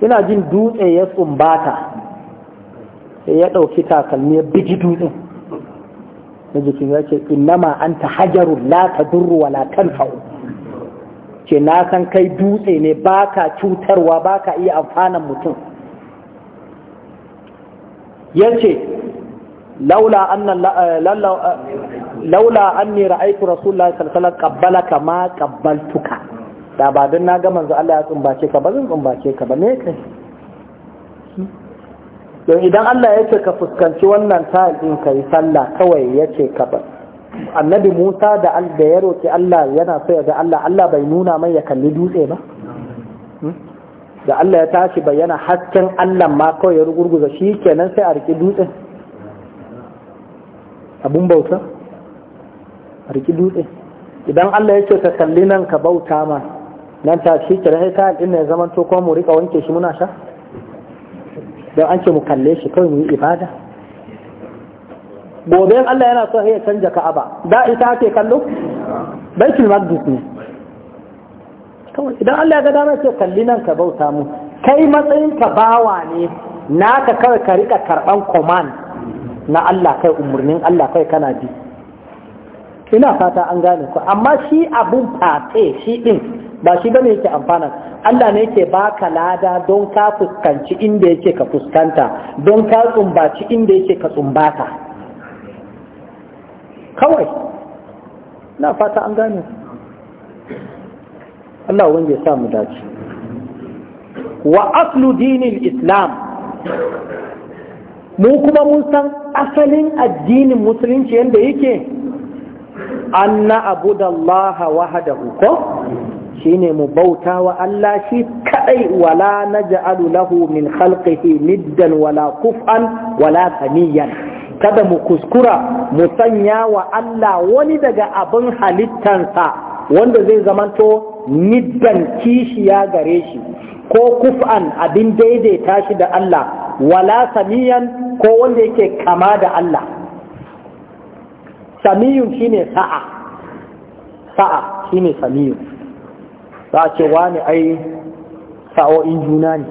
ina jin dutse ya tsumbata sai ya ɗauki takalmi ya bigi dutsen na jikin ya ce innama an ta hajaru la ta durru wa la ce na san kai dutse ne baka cutarwa baka iya amfanan mutum ya ce laula an eh, eh, laula anni ra'aytu rasulullahi sallallahu alaihi wasallam qabbalaka ma qabbaltuka da ba don na gama zuwa Allah ya tsumbace ka ba zan tsumbace ka ba me kai don idan Allah ya ce ka fuskanci wannan ta'adin ka yi sallah kawai ya ce ka ba annabi Musa da da ya roki Allah yana so ya ga Allah Allah bai nuna mai ya kalli dutse ba hmm? da Allah ya tashi bayyana hasken Allah ma kawai ya rugurguza shi kenan sai a riki dutse abun bauta a riki dutse idan Allah ya ce ka kalli nan ka bauta ma nan ta shi kira sai kayan ɗin ya zama to kuma mu rika wanke shi muna sha don an ce mu kalle shi kawai mu yi ibada gobe Allah yana so ya canja Ka'aba da ita ake kallo baitul maqdis ne kawai idan Allah ya ga dama ce kalli nan ka bauta mu kai matsayin ka bawa ne naka kawai ka rika karban command na Allah kai umurnin Allah kai kana ji. ina fata an gane ku amma shi abun fate shi din ba shi bane yake amfana Allah ne yake baka lada don ka fuskanci inda yake ka fuskanta don ka tsumbaci inda yake ka tsumbata kawai ina fata an gane Allah wanda ya sa mu dace wa aslu dinin islam mu kuma mun san asalin addinin musulunci yadda yake an na abu da wahadahu ko shine mu bauta wa Allah shi kadai wala na ja'alu lahu min khalqihi niddan wala kuf'an wala samiyan kada mu kuskura mu sanya wa Allah wani daga abin halittansa wanda zai zamanto niddan kishiya gare shi ko kuf'an abin daidaita shi da Allah wala samiyan ko wanda yake kama da Allah samiyun shine sa'a sa'a shine samiyun za a ce wani ai sa'o'in juna ne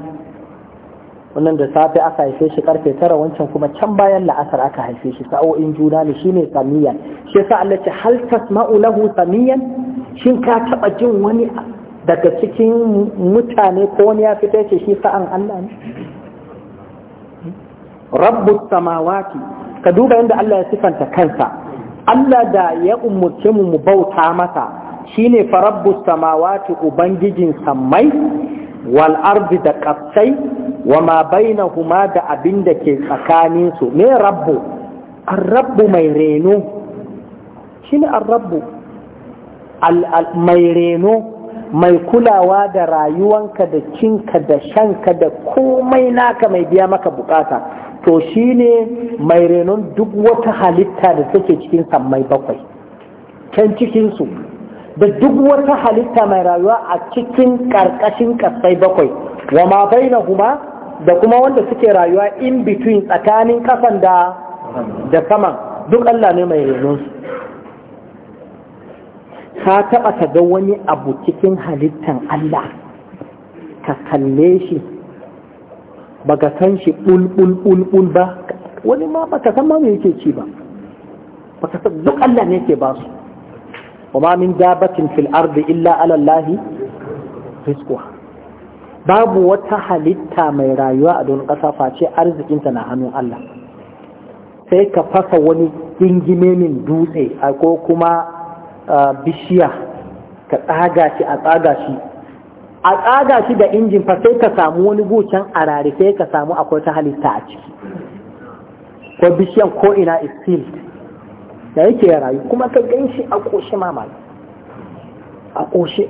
wannan da safe aka haife shi karfe tara wancan kuma can bayan la'asar aka haife shi sa'o'in juna ne shine samiyan shi sa Allah ce hal tasma'u lahu samiyan shin ka taba jin wani daga cikin mutane ko wani ya fita ce shi sa'an Allah ne rabbus samawati ka duba yadda Allah ya sifanta kansa Allah da ya umurce mu mu bauta masa shine farabbu samawati ubangijin samai, wal ardi da kasai wa ma bainahuma da abin da ke tsakanin su ne rabbu rabbu mai reno shine an rabbu mai reno mai kulawa da rayuwanka da cinka da shanka da komai naka mai biya maka bukata to shi ne mai renon duk wata halitta da take cikin sammai bakwai can cikinsu da duk wata halitta mai rayuwa a cikin ƙarƙashin ƙasai bakwai wa ma baina kuma da kuma wanda suke rayuwa in between tsakanin kasan da da saman duk Allah ne mai renon su ka taɓa ka ga wani abu cikin halittan Allah ka kalle shi baka san shi ɓulɓulɓulɓul ba wani ma baka san ma me yake ci ba baka san duk Allah ne yake ba su wa ma min dabatin fil ardi illa ala Allah rizqha babu wata halitta mai rayuwa a don kasa face arzikinta na hannun Allah sai ka fasa wani gingime min dutse ko kuma bishiya ka tsaga shi a tsaga shi a tsaga shi da injin fa sai ka samu wani gucan a rari sai ka samu akwai ta halitta a ciki ko bishiyan ko ina istil da yake ya rayu kuma ka gan shi a ƙoshe mamaki a ƙoshe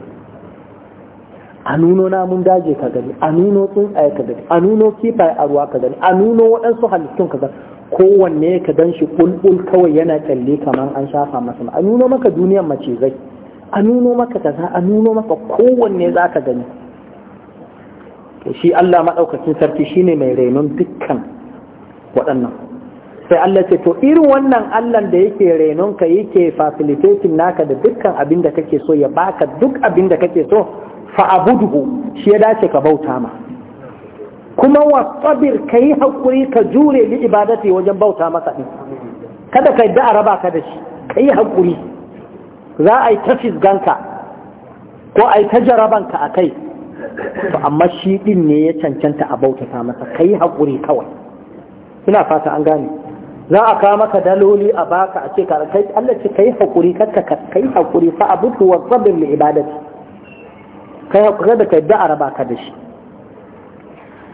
a nuno namun daji ka gani a nuno tsuntsaye ka gani a nuno kifaye a ruwa ka gani a nuno waɗansu halittun ka gani kowanne ka gan shi ɓulɓul kawai yana tsalle kamar an shafa masa a nuno maka duniyar macizai a nuno maka kaza a nuno maka kowanne za ka gani shi Allah maɗaukacin sarki shine mai renon dukkan waɗannan sai Allah ce to irin wannan Allah da yake renon ka yake facilitating naka da dukkan abin da kake so ya baka duk abin da kake so fa abuduhu shi ya dace ka bauta ma kuma wa sabir kai hakuri ka jure li ibadati wajen bauta masa din kada ka yadda a raba ka da shi kai haƙuri. za a yi ta fisganka ko a yi ta jarabanka a kai to amma shi ɗin ne ya cancanta a bautata masa kai haƙuri kawai ina fata an gane za a kawo maka daloli a baka a ce ka kai Allah ce kai haƙuri kakka ka kai haƙuri fa abudu wa sabbin li ibadati kai haƙuri da kai da araba ka da shi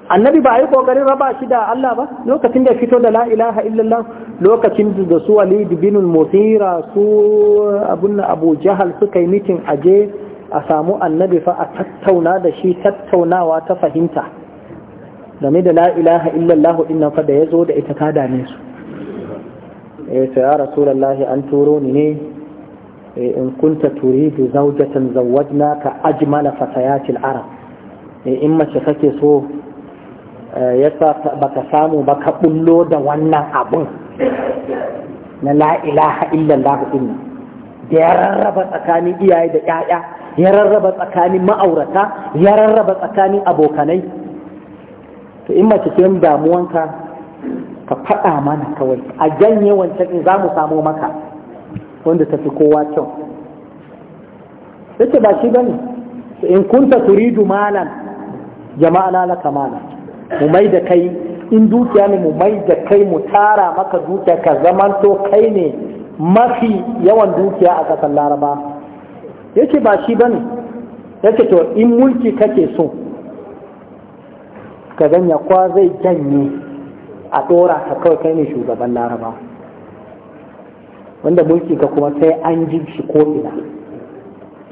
annabi ba a yi kokarin raba shi da Allah ba lokacin da fito da la'ilaha illallah lokacin da su walid bin mutira su abun abu suka yi mitin aje a samu annabi fa a tattauna da shi tattaunawa ta fahimta game da la'ilaha illallah inna fa da ya zo da ita ta dame su eh sai ya rasulullahi an turo ni ne eh, in kunta turidu zawjatan zawwajnaka ajmala fatayatil arab eh, in mace kake so Eh, yasa baka samu baka bullo da wannan abun na lailaha illan illallah da ya rarraba tsakanin iyaye da 'ya'ya, ya rarraba tsakanin ma'aurata ya rarraba tsakanin abokanai to in mace ce damuwanka ka faɗa mana kawai a janye wancan in za mu samo maka wanda tafi kowa kyau yace ba shi bane in kunta turidu malan jama'a lalata malan mu mai da kai in dukiya ne mu mai da kai mu tara maka dukiya ka zamanto kai ne mafi yawan dukiya a ƙasar laraba ce ba shi bane ce to in mulki kake so ka ganya kwa zai janye a ɗora ka kawai kai ne shugaban laraba wanda mulki ka kuma sai an ji shi ko ina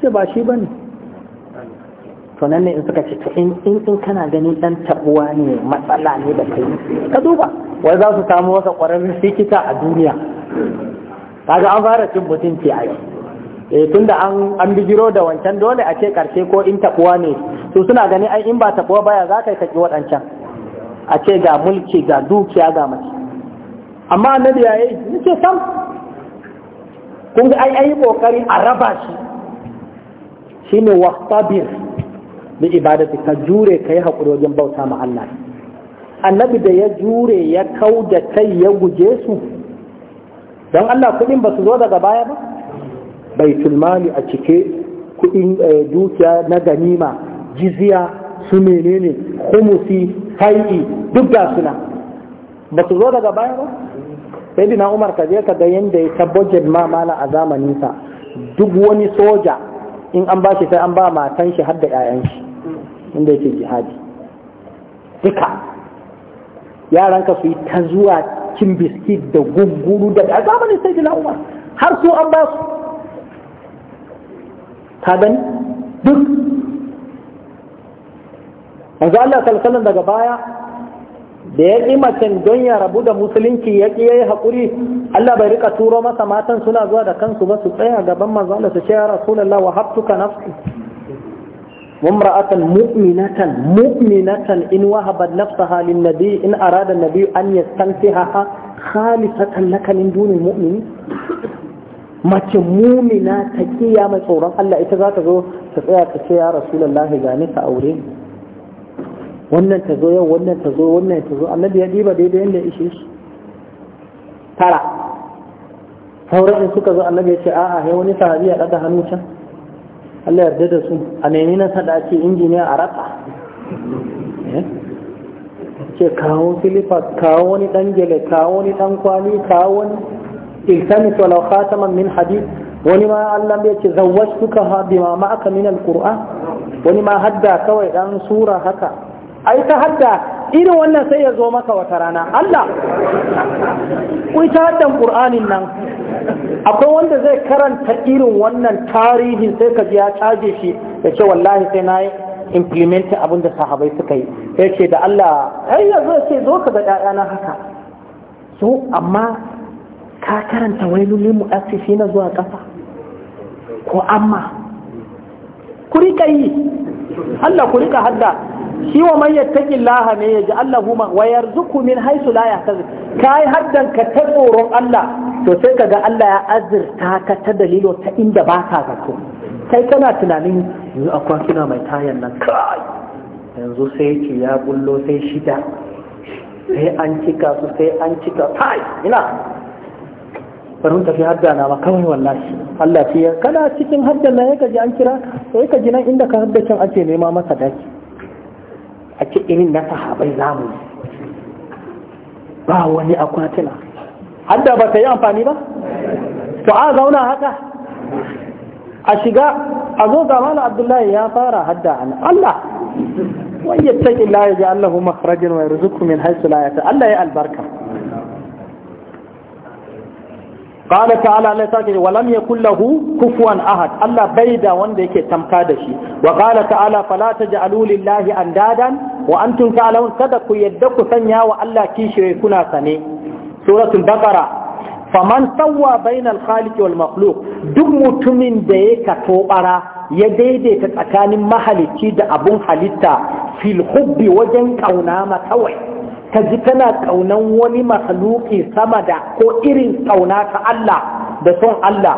ce ba shi bane to nan ne in suka ce in in kana ganin dan tabuwa ne matsala ne da kai ka duba wai za su samu wasa ƙwararren likita a duniya kaga an fara cin mutunci a yi eh tunda an an bijiro da wancan dole a ce karshe ko in tabuwa ne to suna ganin ai in ba tabuwa baya za ka kaki wadancan a ce ga mulki ga dukiya ga mace amma annabi yayi nake sam kun ga ai ai kokari a raba shi shine waqtabir bi ibadati ka jure ka yi haƙuri wajen bauta ma Allah annabi da ya jure ya kau kai ya guje su don Allah kuɗin ba su zo daga baya ba baitul mali a cike kuɗin eh, dukiya na ganima jiziya su menene humusi fai'i duk da suna ba su zo daga baya ba sai na umar ka je ka ga yadda ya ta budget ma mala a zamaninsa duk wani soja in an ba shi sai an ba matan shi har da ƴaƴan shi inda yake jihadi duka yaranka su yi ta zuwa cin biskit da gunguru da a zamanin sai da umar har su an ba su Ka gani duk yanzu Allah sallallahu daga baya da ya ƙi macen don ya rabu da musulunci ya ƙi ya yi haƙuri Allah bai rika turo masa matan suna zuwa da kansu ba su tsaya gaban manzo Allah su ce ya Rasulullah wa habtuka nafsi وامرأة مؤمنة halin إن in نفسها للنبي إن أراد النبي أن يستنفعها خالصة لك من دون المؤمنين mace mumina ta kiya mai tsoron Allah ita za ta zo ta tsaya ta ce ya Rasulullah ga ni ka aure wannan ta zo yau wannan ta zo wannan ta zo annabi ya ɗiba daidai yadda ya ishe shi tara sauran in suka zo annabi ya ce a'a ya wani sahabi ya ɗaga hannu can Allah yarda da su a nemi na sada ce injiniya a raka eh? ce kawo silifas kawo wani ɗan gele kawo wani ɗan kwali kawo wani iltami walau khataman min hadith wani ma Allah ya ce zawwajtuka bima ma'aka min alquran wani ma hadda kawai ɗan sura haka ai ta hadda irin wannan sai ya zo maka wata rana Allah ku ta haddan Qur'anin nan akwai wanda zai karanta irin wannan tarihin sai ka ji ya caje shi ya ce wallahi sai na implementin abin da sahabai suka yi sai ce da Allah ai ya zo ce zo ka ga na haka so amma ka karanta mu lil na zuwa ƙasa ko amma ku rika yi Allah ku rika hadda shi wa man yattaqillaha ne yaji Allahu ma wa yarzuqu min haythu la yahtasib kai haddan ka ta tsoron Allah to sai kaga Allah ya azurta ka ta dalilo ta inda ba ka zato kai kana tunanin yanzu akwai kina mai tayan nan kai yanzu sai ki ya bullo sai shida sai an cika su sai an cika kai ina bari tafi hadda na ma kawai wallahi Allah ya kana cikin hadda na ya kaji an kira ka sai ka ji nan inda ka can ake nema masa daki a ce irin na sahabai zamu ba wani akwatina hadda ba ta yi amfani ba to a zauna haka a shiga a zo ga mala abdullahi ya fara hadda an Allah wai yattaqi Allah ya ji Allahu makhrajan wa yarzuqhu min haythu la ta. Allah ya albarka qala ta'ala Allah sake wa lam yakul lahu kufuwan ahad Allah bai da wanda yake tamka da shi wa qala ta'ala fala taj'alu lillahi andadan wa antum ta'lamun kada ku yadda ku sanya wa Allah kishiyoyi kuna sane suratul baqara faman sawwa bainal khaliq wal makhluq duk mutumin da ya kato bara ya daidaita tsakanin mahalicci da abun halitta fil hubbi wajen kauna ma kawai ka ji kana ƙaunan wani mahaluki sama da ko irin ƙauna ta Allah da son Allah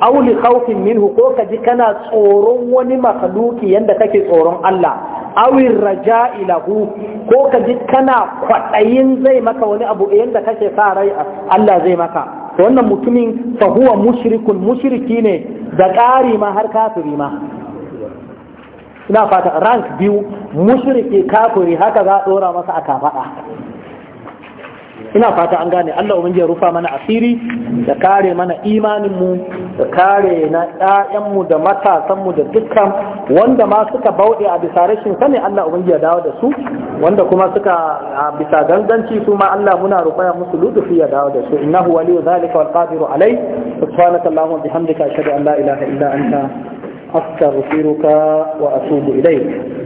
auli khawfin minhu ko ka ji kana tsoron wani mahaluki yanda kake tsoron Allah awi Raja'ilahu lahu ko ka ji kana kwaɗayin zai maka wani abu yanda kake sa rai Allah zai maka to wannan mutumin fa huwa mushrikun mushriki ne da ƙari ma har kafiri ma ina fata rank biyu mushriki kafiri haka za a dora masa a kafada ina fata an gane Allah ubangiji ya rufa mana asiri da kare mana imanin mu da kare na ƴaƴan mu da matasan mu da dukkan wanda ma suka bauɗe a bisa rashin sani Allah ubangiji ya dawo da su wanda kuma suka a bisa ganganci su ma Allah muna ruƙaya musu ludufi ya dawo da su innahu waliyu zalika wal qadiru alai subhanakallahumma bihamdika ashhadu an la ilaha illa anta أستغفرك وأتوب إليك